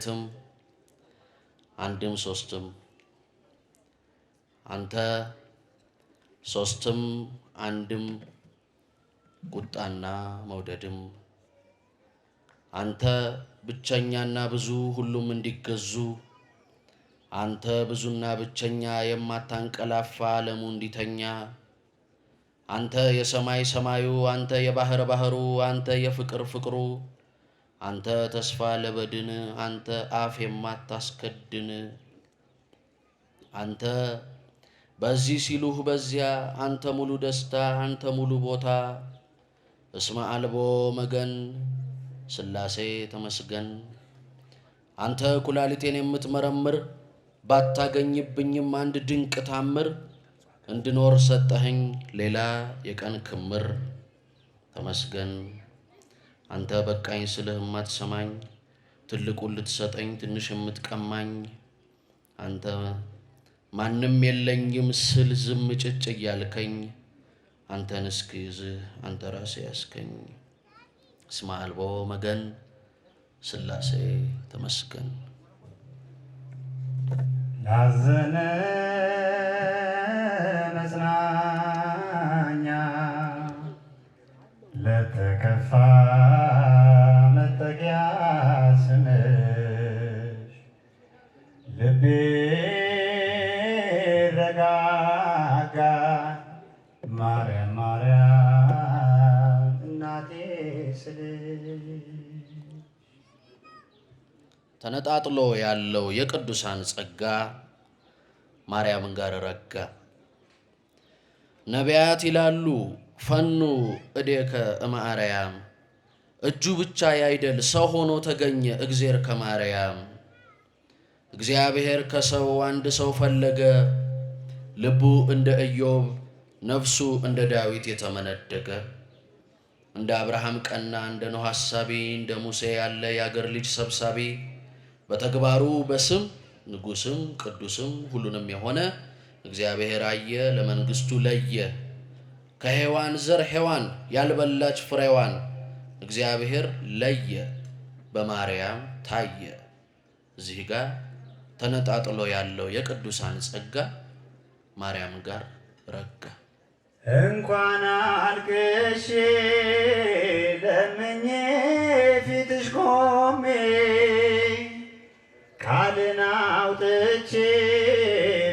ሁለትም አንድም ሶስትም አንተ ሶስትም አንድም ቁጣና መውደድም አንተ ብቸኛና ብዙ ሁሉም እንዲገዙ አንተ ብዙና ብቸኛ የማታንቀላፋ ዓለሙ እንዲተኛ አንተ የሰማይ ሰማዩ አንተ የባህር ባህሩ አንተ የፍቅር ፍቅሩ አንተ ተስፋ ለበድን፣ አንተ አፍ የማታስከድን፣ አንተ በዚህ ሲሉህ በዚያ፣ አንተ ሙሉ ደስታ፣ አንተ ሙሉ ቦታ፣ እስመ አልቦ መገን ስላሴ ተመስገን። አንተ ኩላሊቴን የምትመረምር ባታገኝብኝም አንድ ድንቅ ታምር እንድኖር ሰጠኸኝ ሌላ የቀን ክምር ተመስገን። አንተ በቃኝ ስልህ የማትሰማኝ ትልቁን ልትሰጠኝ ትንሽ የምትቀማኝ አንተ ማንም የለኝም ስል ዝም ጭጭ እያልከኝ አንተን ይዝህ አንተ ራሴ ያስከኝ። እስመ አልቦ መገን ስላሴ ተመስገን ላዘነ ተነጣጥሎ ያለው የቅዱሳን ጸጋ ማርያምን ጋር ረጋ። ነቢያት ይላሉ ፈኑ እዴከ እማርያም፣ እጁ ብቻ ያይደል ሰው ሆኖ ተገኘ እግዜር ከማርያም። እግዚአብሔር ከሰው አንድ ሰው ፈለገ፣ ልቡ እንደ ኢዮብ፣ ነፍሱ እንደ ዳዊት የተመነደገ እንደ አብርሃም ቀና፣ እንደ ኖህ ሐሳቢ፣ እንደ ሙሴ ያለ የአገር ልጅ ሰብሳቢ፣ በተግባሩ በስም ንጉስም ቅዱስም ሁሉንም የሆነ እግዚአብሔር አየ፣ ለመንግስቱ ለየ። ከሔዋን ዘር ሔዋን ያልበላች ፍሬዋን እግዚአብሔር ለየ፣ በማርያም ታየ። እዚህ ጋር ተነጣጥሎ ያለው የቅዱሳን ጸጋ ማርያም ጋር ረጋ። እንኳን አልቅሼ ለምኜ ፊትሽ ቆሜ ቃልን አውጥቼ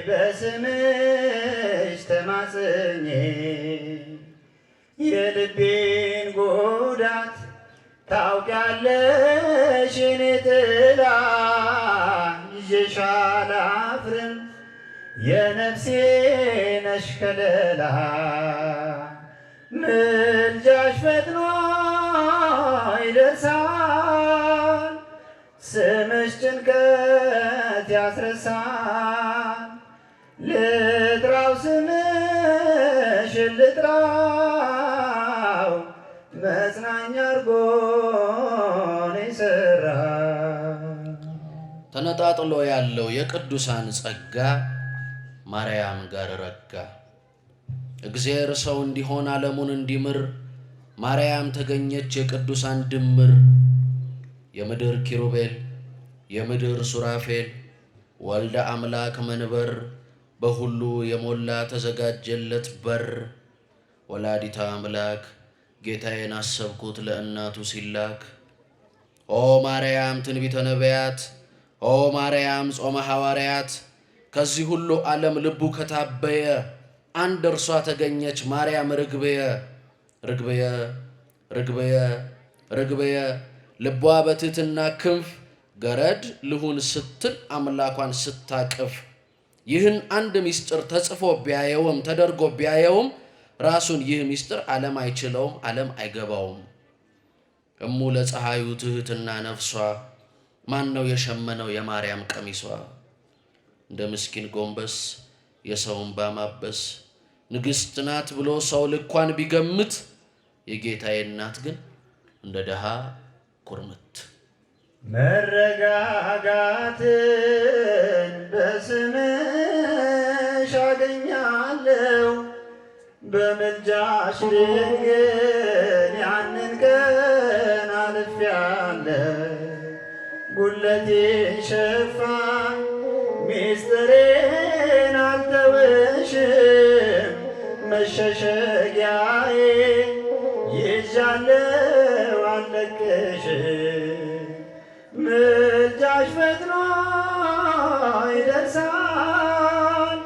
በስምሽ ተማጽኜ የልቤን ጎዳት ታውቂያለሽ የኔ ጥላ ይዤሻል አፍርም የነፍሴ ነሽ ከለላ ምልጃሽ ፈጥኖ ይደርሳል። ስምሽ ጭንቀት ያስረሳል። ልጥራው ስምሽ ልጥራው መጽናኛ አርጎ ይሰራ ተነጣጥሎ ያለው የቅዱሳን ጸጋ ማርያም ጋር ረጋ። እግዚአብሔር ሰው እንዲሆን ዓለሙን እንዲምር ማርያም ተገኘች የቅዱሳን ድምር። የምድር ኪሩቤል የምድር ሱራፌል ወልደ አምላክ መንበር በሁሉ የሞላ ተዘጋጀለት በር። ወላዲታ አምላክ ጌታዬን አሰብኩት ለእናቱ ሲላክ። ኦ ማርያም ትንቢተ ነቢያት ኦ ማርያም ጾመ ሐዋርያት ከዚህ ሁሉ ዓለም ልቡ ከታበየ አንድ እርሷ ተገኘች ማርያም ርግብየ ርግብየ ርግብየ ርግብየ ልቧ በትህትና ክንፍ ገረድ ልሁን ስትል አምላኳን ስታቅፍ ይህን አንድ ምስጢር ተጽፎ ቢያየውም ተደርጎ ቢያየውም ራሱን ይህ ምስጢር ዓለም አይችለውም፣ ዓለም አይገባውም። እሙ ለፀሐዩ ትህትና ነፍሷ ማን ነው የሸመነው የማርያም ቀሚሷ? እንደ ምስኪን ጎንበስ የሰውን ባማበስ ንግሥት ናት ብሎ ሰው ልኳን ቢገምት የጌታዬ እናት ግን እንደ ደሃ ኩርምት መረጋጋትን በስምሽ አገኛለሁ በምልጃሽ ያንን ቀን አልፌያለሁ ጉለቴ ሸፋ ምስጢሬን አልተውሽም መሸሸጊያዬ ይዣለው አልለቅሽም ምልጃሽ ፈጥኖ ይደርሳል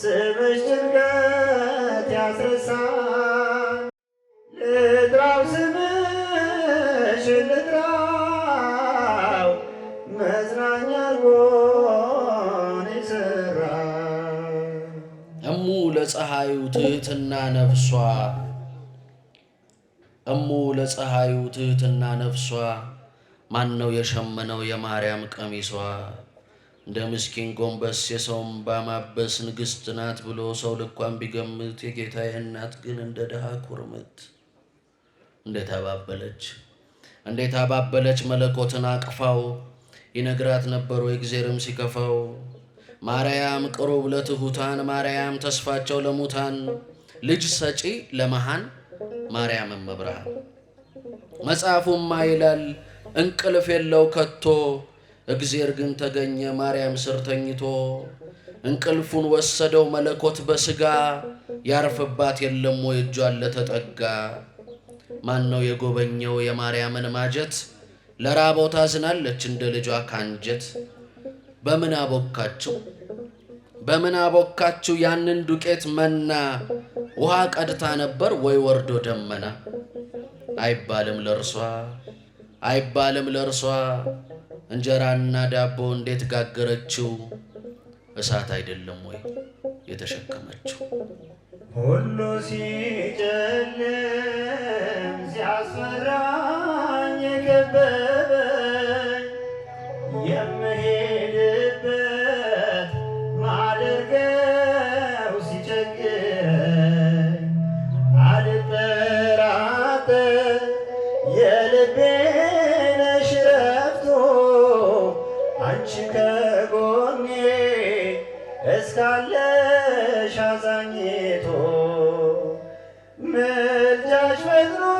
ስምሽ ጭንቀት ያስረሳል እሙ ለፀሐዩ ትህትና ነፍሷ እሙ ለፀሐዩ ትህትና ነፍሷ ማን ነው የሸመነው የማርያም ቀሚሷ? እንደ ምስኪን ጎንበስ የሰውን ባማበስ ንግሥት ናት ብሎ ሰው ልኳን ቢገምት የጌታዬ እናት ግን እንደ ድሃ ኩርምት እንዴት አባበለች እንዴት አባበለች መለኮትን አቅፋው ይነግራት ነበሩ የእግዜርም ሲከፋው ማርያም ቅሩብ ለትሑታን ማርያም ተስፋቸው ለሙታን ልጅ ሰጪ ለመሃን ማርያም መብራ መጽሐፉማ ይላል እንቅልፍ የለው ከቶ እግዜር ግን ተገኘ ማርያም ስር ተኝቶ እንቅልፉን ወሰደው መለኮት በስጋ ያርፍባት የለም ወይ እጇን ለተጠጋ ማን ነው የጎበኘው የማርያምን ማጀት ለራቦ ታዝናለች እንደ ልጇ ካንጀት በምን አቦካቸው በምን አቦካችሁ ያንን ዱቄት መና? ውሃ ቀድታ ነበር ወይ ወርዶ ደመና? አይባልም ለእርሷ አይባልም ለእርሷ እንጀራና ዳቦ እንዴት ጋገረችው? እሳት አይደለም ወይ የተሸከመችው? ሁሉ ሲጨልም ሲያስፈራኝ የገባ አንተ የልቤን ሽረፍቶ አንቺ ከጎኔ እስካለሽ አዛኝቶ ምልጃሽ ፈጥኖ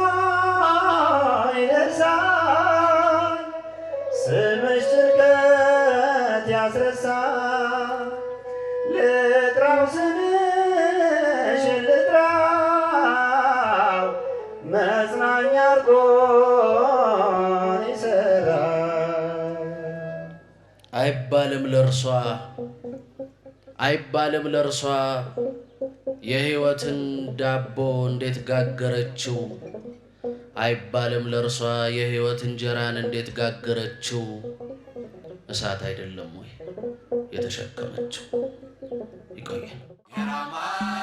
መጽናኛ አርጎን ይሰራል። አይባልም ለእርሷ አይባልም ለእርሷ የሕይወትን ዳቦ እንዴት ጋገረችው አይባልም ለእርሷ የሕይወት እንጀራን እንዴት ጋገረችው። እሳት አይደለም ወይ የተሸከመችው? ይቆያል።